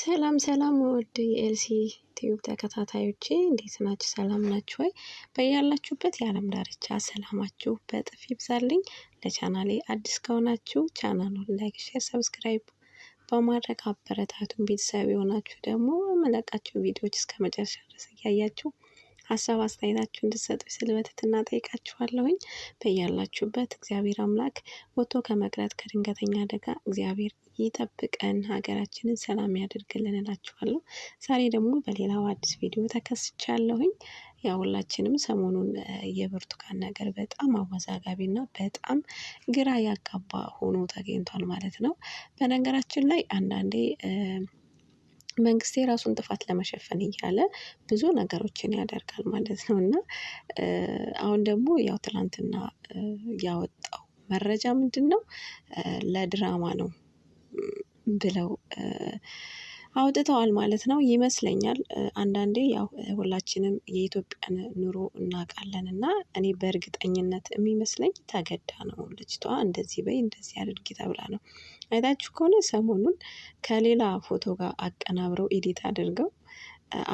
ሰላም ሰላም ውድ የኤልሲ ቲዩብ ተከታታዮቼ እንዴት ናችሁ? ሰላም ናችሁ ወይ? በያላችሁበት የዓለም ዳርቻ ሰላማችሁ በጥፍ ይብዛልኝ። ለቻናሌ አዲስ ከሆናችሁ ቻናሉን ላይክ፣ ሼር፣ ሰብስክራይብ በማድረግ አበረታቱን። ቤተሰብ የሆናችሁ ደግሞ መለቃችሁ ቪዲዮዎች እስከ መጨረሻ ድረስ እያያችሁ ሀሳብ አስተያየታችሁ እንድትሰጡ ስል በትህትና ጠይቃችኋለሁኝ። በያላችሁበት እግዚአብሔር አምላክ ወጥቶ ከመቅረት ከድንገተኛ አደጋ እግዚአብሔር ይጠብቀን፣ ሀገራችንን ሰላም ያደርግልን እላችኋለሁ። ዛሬ ደግሞ በሌላው አዲስ ቪዲዮ ተከስቻለሁኝ። ያው ሁላችንም ሰሞኑን የብርቱካን ነገር በጣም እና በጣም ግራ ያጋባ ሆኖ ተገኝቷል ማለት ነው። በነገራችን ላይ አንዳንዴ መንግስት የራሱን ጥፋት ለመሸፈን እያለ ብዙ ነገሮችን ያደርጋል ማለት ነው እና አሁን ደግሞ ያው ትላንትና ያወጣው መረጃ ምንድን ነው? ለድራማ ነው ብለው አውጥተዋል ማለት ነው ይመስለኛል። አንዳንዴ ያው ሁላችንም የኢትዮጵያን ኑሮ እናውቃለን እና እኔ በእርግጠኝነት የሚመስለኝ ተገዳ ነው ልጅቷ እንደዚህ በይ እንደዚህ አድርጊ ተብላ ነው። አይታችሁ ከሆነ ሰሞኑን ከሌላ ፎቶ ጋር አቀናብረው ኤዲት አድርገው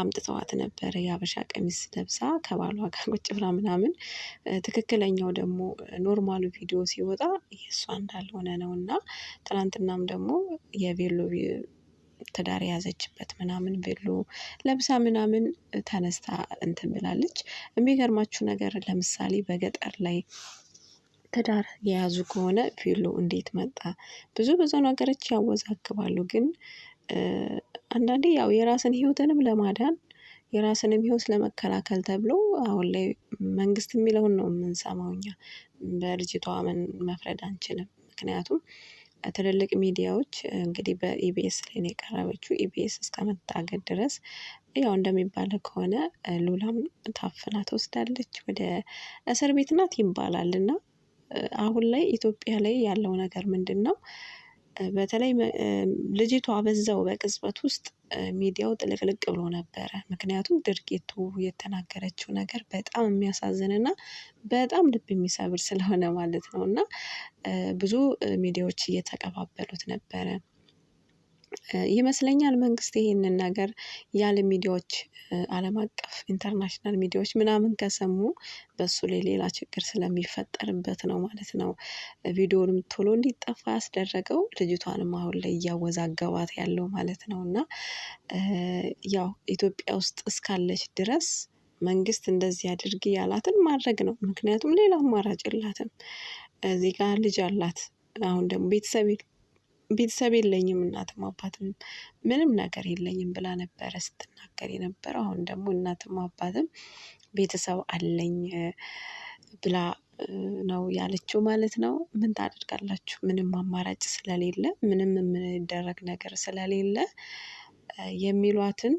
አምጥተዋት ነበረ የሀበሻ ቀሚስ ለብሳ ከባሏ ጋር ቁጭ ብላ ምናምን። ትክክለኛው ደግሞ ኖርማሉ ቪዲዮ ሲወጣ የእሷ እንዳልሆነ ነው። እና ትናንትናም ደግሞ የቬሎ ትዳር የያዘችበት ምናምን ቬሎ ለብሳ ምናምን ተነስታ እንትን ብላለች። የሚገርማችሁ ነገር ለምሳሌ በገጠር ላይ ትዳር የያዙ ከሆነ ቬሎ እንዴት መጣ? ብዙ ብዙ ነገሮች ያወዛግባሉ ግን አንዳንዴ ያው የራስን ህይወትንም ለማዳን የራስንም ህይወት ለመከላከል ተብሎ አሁን ላይ መንግስት የሚለውን ነው የምንሰማው እኛ በልጅቷ መፍረድ አንችልም። ምክንያቱም ትልልቅ ሚዲያዎች እንግዲህ በኢቢኤስ ላይ ነው የቀረበችው ኢቢኤስ እስከመታገድ ድረስ ያው እንደሚባለው ከሆነ ሉላም ታፍና ተወስዳለች ወደ እስር ቤት ናት ይባላል። እና አሁን ላይ ኢትዮጵያ ላይ ያለው ነገር ምንድነው? በተለይ ልጅቷ በዛው በቅጽበት ውስጥ ሚዲያው ጥልቅልቅ ብሎ ነበረ። ምክንያቱም ድርጊቱ የተናገረችው ነገር በጣም የሚያሳዝን እና በጣም ልብ የሚሰብር ስለሆነ ማለት ነው። እና ብዙ ሚዲያዎች እየተቀባበሉት ነበረ ይመስለኛል መንግስት ይሄንን ነገር ያለ ሚዲያዎች ዓለም አቀፍ ኢንተርናሽናል ሚዲያዎች ምናምን ከሰሙ በሱ ላይ ሌላ ችግር ስለሚፈጠርበት ነው ማለት ነው። ቪዲዮንም ቶሎ እንዲጠፋ ያስደረገው ልጅቷንም አሁን ላይ እያወዛገባት ያለው ማለት ነው። እና ያው ኢትዮጵያ ውስጥ እስካለች ድረስ መንግስት እንደዚህ አድርግ ያላትን ማድረግ ነው። ምክንያቱም ሌላ አማራጭ የላትም። እዚህ ጋር ልጅ አላት። አሁን ደግሞ ቤተሰብ ቤተሰብ የለኝም እናትም አባትም ምንም ነገር የለኝም ብላ ነበረ ስትናገር የነበረው። አሁን ደግሞ እናትም አባትም ቤተሰብ አለኝ ብላ ነው ያለችው ማለት ነው። ምን ታደርጋላችሁ? ምንም አማራጭ ስለሌለ፣ ምንም የምንደረግ ነገር ስለሌለ የሚሏትን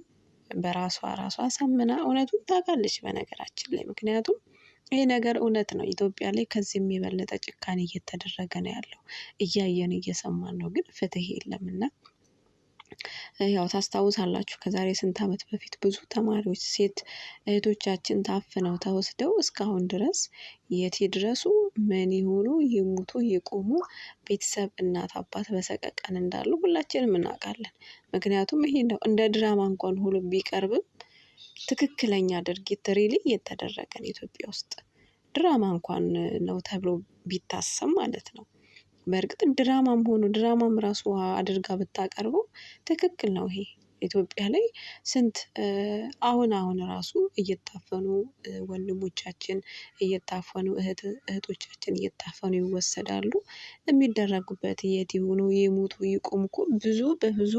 በራሷ ራሷ አሳምና እውነቱን ታውቃለች በነገራችን ላይ ምክንያቱም ይሄ ነገር እውነት ነው። ኢትዮጵያ ላይ ከዚህ የሚበለጠ ጭካኔ እየተደረገ ነው ያለው። እያየን እየሰማን ነው፣ ግን ፍትህ የለም እና ያው ታስታውሳላችሁ ከዛሬ ስንት ዓመት በፊት ብዙ ተማሪዎች ሴት እህቶቻችን ታፍነው ተወስደው እስካሁን ድረስ የት ድረሱ ምን ይሆኑ ይሙቱ ይቆሙ ቤተሰብ እናት አባት በሰቀቀን እንዳሉ ሁላችንም እናውቃለን። ምክንያቱም ይሄ ነው እንደ ድራማ እንኳን ሁሉ ቢቀርብም ትክክለኛ ድርጊት ሪሊ እየተደረገ ነው ኢትዮጵያ ውስጥ ድራማ እንኳን ነው ተብሎ ቢታሰብ ማለት ነው። በእርግጥ ድራማም ሆኖ ድራማም ራሱ አድርጋ ብታቀርበው ትክክል ነው ይሄ ኢትዮጵያ ላይ ስንት አሁን አሁን ራሱ እየታፈኑ ወንድሞቻችን እየታፈኑ እህቶቻችን እየታፈኑ ይወሰዳሉ። የሚደረጉበት የት ይሁኑ ይሙቱ ይቁሙ እኮ ብዙ በብዙ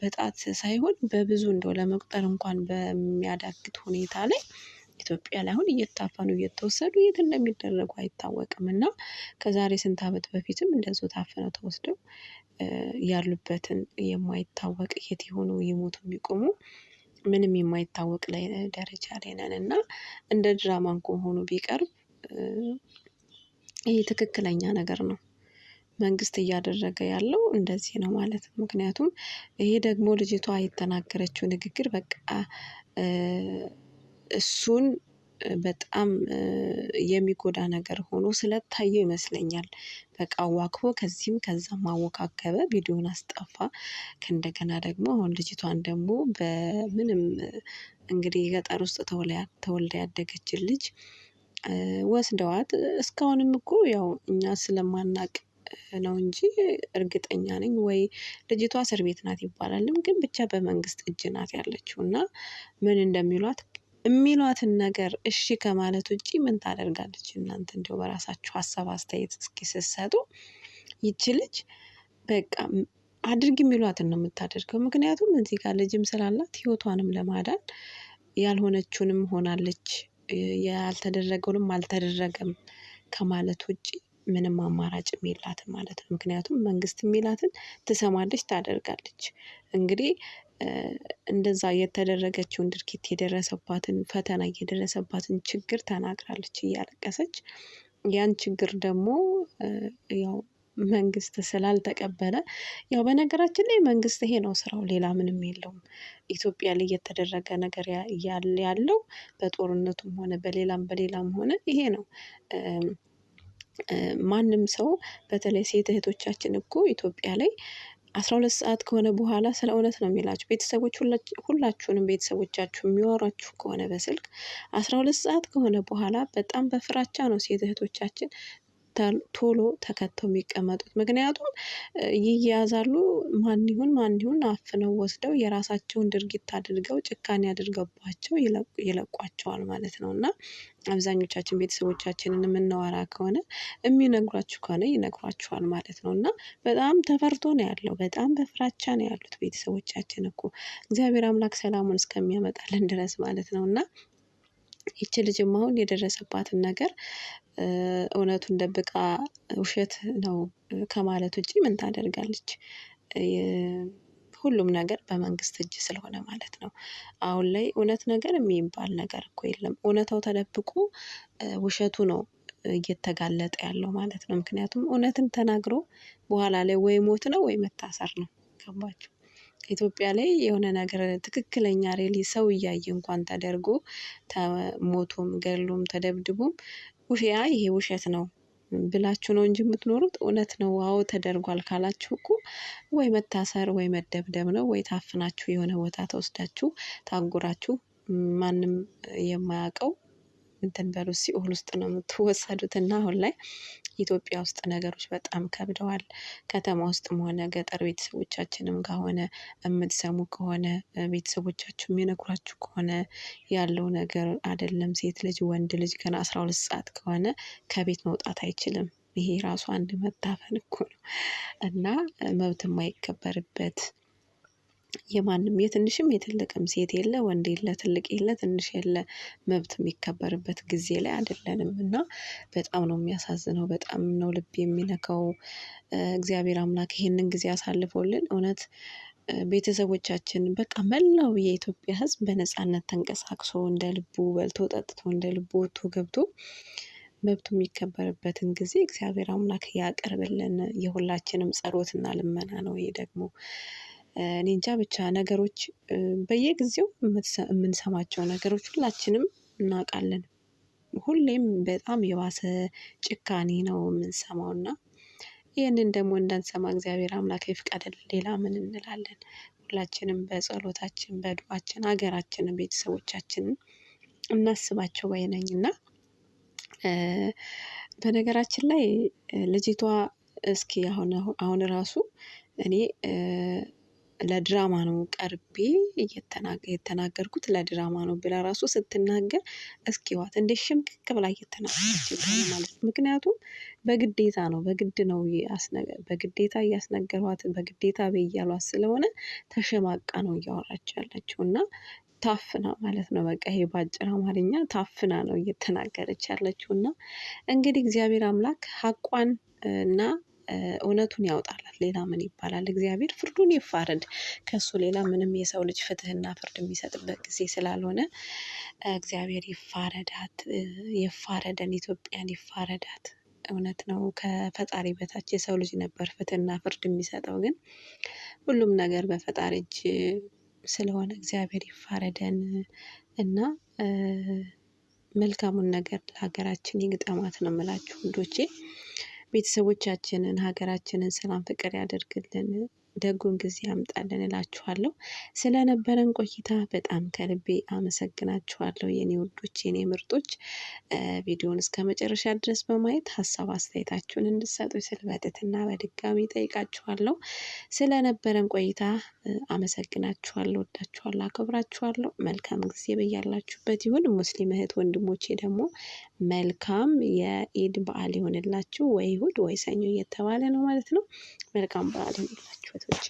በጣት ሳይሆን በብዙ እንደው ለመቁጠር እንኳን በሚያዳግት ሁኔታ ላይ ኢትዮጵያ ላይ አሁን እየታፈኑ እየተወሰዱ የት እንደሚደረጉ አይታወቅም። እና ከዛሬ ስንት ዓመት በፊትም እንደዚሁ ታፍነው ተወስደው ያሉበትን የማይታወቅ የት የሆኑ ይሞቱ የሚቆሙ ምንም የማይታወቅ ላይ ደረጃ ላይ ነን እና እንደ ድራማ ከሆኑ ቢቀርብ ይህ ትክክለኛ ነገር ነው። መንግስት እያደረገ ያለው እንደዚህ ነው ማለት ነው። ምክንያቱም ይሄ ደግሞ ልጅቷ የተናገረችው ንግግር በቃ እሱን በጣም የሚጎዳ ነገር ሆኖ ስለታየው ይመስለኛል። በቃ ዋክቦ ከዚህም ከዛ አወካከበ ቪዲዮን አስጠፋ። ከእንደገና ደግሞ አሁን ልጅቷን ደግሞ በምንም እንግዲህ የገጠር ውስጥ ተወልዳ ያደገችን ልጅ ወስደዋት እስካሁንም እኮ ያው እኛ ስለማናቅ ነው እንጂ እርግጠኛ ነኝ ወይ ልጅቷ እስር ቤት ናት ይባላልም ግን ብቻ በመንግስት እጅ ናት ያለችው እና ምን እንደሚሏት የሚሏትን ነገር እሺ ከማለት ውጪ ምን ታደርጋለች? እናንተ እንዲሁ በራሳችሁ ሀሳብ አስተያየት እስኪ ስትሰጡ ይቺ ልጅ በቃ አድርግ የሚሏትን ነው የምታደርገው። ምክንያቱም እዚህ ጋር ልጅም ስላላት ህይወቷንም ለማዳን ያልሆነችውንም ሆናለች፣ ያልተደረገውንም አልተደረገም ከማለት ውጭ ምንም አማራጭ የሚላትን ማለት ነው። ምክንያቱም መንግስት የሚላትን ትሰማለች፣ ታደርጋለች። እንግዲህ እንደዛ የተደረገችውን ድርጊት የደረሰባትን ፈተና የደረሰባትን ችግር ተናግራለች እያለቀሰች። ያን ችግር ደግሞ ያው መንግስት ስላልተቀበለ ያው በነገራችን ላይ መንግስት ይሄ ነው ስራው፣ ሌላ ምንም የለውም። ኢትዮጵያ ላይ የተደረገ ነገር ያለው በጦርነቱም ሆነ በሌላም በሌላም ሆነ ይሄ ነው። ማንም ሰው በተለይ ሴት እህቶቻችን እኮ ኢትዮጵያ ላይ አስራ ሁለት ሰዓት ከሆነ በኋላ ስለ እውነት ነው የሚላችሁ ቤተሰቦች ሁላችሁንም ቤተሰቦቻችሁ የሚወሯችሁ ከሆነ በስልክ አስራ ሁለት ሰዓት ከሆነ በኋላ በጣም በፍራቻ ነው ሴት እህቶቻችን ቶሎ ተከተው የሚቀመጡት። ምክንያቱም ይያዛሉ ማን ይሁን ማን ይሁን አፍነው ወስደው የራሳቸውን ድርጊት አድርገው ጭካኔ አድርገባቸው ይለቋቸዋል ማለት ነው። እና አብዛኞቻችን ቤተሰቦቻችንን የምናወራ ከሆነ የሚነግሯችሁ ከሆነ ይነግሯችኋል ማለት ነው። እና በጣም ተፈርቶ ነው ያለው በጣም በፍራቻ ነው ያሉት ቤተሰቦቻችን እኮ እግዚአብሔር አምላክ ሰላሙን እስከሚያመጣልን ድረስ ማለት ነው። እና ይቺ ልጅም አሁን የደረሰባትን ነገር እውነቱን ደብቃ ውሸት ነው ከማለት ውጭ ምን ታደርጋለች? ሁሉም ነገር በመንግስት እጅ ስለሆነ ማለት ነው። አሁን ላይ እውነት ነገር የሚባል ነገር እኮ የለም። እውነታው ተደብቆ ውሸቱ ነው እየተጋለጠ ያለው ማለት ነው። ምክንያቱም እውነትን ተናግሮ በኋላ ላይ ወይ ሞት ነው ወይ መታሰር ነው። ገባችሁ ኢትዮጵያ ላይ የሆነ ነገር ትክክለኛ ሬሊ ሰው እያየ እንኳን ተደርጎ ሞቶም ገሎም ተደብድቦም ውሻ ይሄ ውሸት ነው ብላችሁ ነው እንጂ የምትኖሩት እውነት ነው አዎ ተደርጓል ካላችሁ እኮ ወይ መታሰር ወይ መደብደብ ነው ወይ ታፍናችሁ የሆነ ቦታ ተወስዳችሁ ታጉራችሁ ማንም የማያውቀው እንትን በሉ ሲኦል ውስጥ ነው የምትወሰዱት እና አሁን ላይ ኢትዮጵያ ውስጥ ነገሮች በጣም ከብደዋል። ከተማ ውስጥም ሆነ ገጠር ቤተሰቦቻችንም ከሆነ የምትሰሙ ከሆነ ቤተሰቦቻችሁ የሚነግሯችሁ ከሆነ ያለው ነገር አይደለም። ሴት ልጅ ወንድ ልጅ ገና አስራ ሁለት ሰዓት ከሆነ ከቤት መውጣት አይችልም። ይሄ ራሱ አንድ መታፈን እኮ ነው። እና መብት የማይከበርበት የማንም የትንሽም የትልቅም ሴት የለ ወንድ የለ ትልቅ የለ ትንሽ የለ መብት የሚከበርበት ጊዜ ላይ አይደለንም እና በጣም ነው የሚያሳዝነው። በጣም ነው ልብ የሚነካው። እግዚአብሔር አምላክ ይህንን ጊዜ አሳልፎልን እውነት ቤተሰቦቻችን በቃ መላው የኢትዮጵያ ሕዝብ በነፃነት ተንቀሳቅሶ እንደ ልቡ በልቶ ጠጥቶ እንደ ልቡ ወጥቶ ገብቶ መብቱ የሚከበርበትን ጊዜ እግዚአብሔር አምላክ ያቀርብልን። የሁላችንም ጸሎትና ልመና ነው ይሄ ደግሞ እኔ እንጃ ብቻ ነገሮች በየጊዜው የምንሰማቸው ነገሮች ሁላችንም እናውቃለን። ሁሌም በጣም የባሰ ጭካኔ ነው የምንሰማው እና ይህንን ደግሞ እንዳንሰማ እግዚአብሔር አምላክ ይፍቀድልን። ሌላ ምን እንላለን? ሁላችንም በጸሎታችን በዱዓችን ሀገራችንን ቤተሰቦቻችንን እናስባቸው ባይ እና በነገራችን ላይ ልጅቷ እስኪ አሁን አሁን ራሱ እኔ ለድራማ ነው ቀርቤ የተናገርኩት ለድራማ ነው ብላ ራሱ ስትናገር እስኪዋት እንደ ሽምቅቅ ብላ እየተናገረች ማለት ነው። ምክንያቱም በግዴታ ነው በግድ ነው በግዴታ እያስነገሯት በግዴታ እያሏት ስለሆነ ተሸማቃ ነው እያወራች ያለችው እና ታፍና ማለት ነው። በቃ ይሄ በአጭር አማርኛ ታፍና ነው እየተናገረች ያለችው እና እንግዲህ እግዚአብሔር አምላክ ሀቋን እና እውነቱን ያውጣላት። ሌላ ምን ይባላል? እግዚአብሔር ፍርዱን ይፋረድ። ከሱ ሌላ ምንም የሰው ልጅ ፍትህና ፍርድ የሚሰጥበት ጊዜ ስላልሆነ እግዚአብሔር ይፋረዳት፣ ይፋረደን፣ ኢትዮጵያን ይፋረዳት። እውነት ነው። ከፈጣሪ በታች የሰው ልጅ ነበር ፍትህና ፍርድ የሚሰጠው። ግን ሁሉም ነገር በፈጣሪ እጅ ስለሆነ እግዚአብሔር ይፋረደን እና መልካሙን ነገር ለሀገራችን ይግጠማት ነው የምላችሁ ውዶቼ። ቤተሰቦቻችንን፣ ሀገራችንን ሰላም፣ ፍቅር ያደርግልን ደጉን ጊዜ ያምጣልን እላችኋለሁ። ስለነበረን ቆይታ በጣም ከልቤ አመሰግናችኋለሁ የኔ ውዶች፣ የኔ ምርጦች። ቪዲዮን እስከ መጨረሻ ድረስ በማየት ሀሳብ አስተያየታችሁን እንድሰጡ ስል በትህትና በድጋሚ ጠይቃችኋለሁ። ስለነበረን ቆይታ አመሰግናችኋለሁ። ወዳችኋለሁ፣ አከብራችኋለሁ። መልካም ጊዜ በያላችሁበት ይሁን። ሙስሊም እህት ወንድሞቼ ደግሞ መልካም የኢድ በዓል ይሆንላችሁ። ወይ እሁድ ወይ ሰኞ እየተባለ ነው ማለት ነው። መልካም በዓል ይሆንላችሁ እህቶቼ።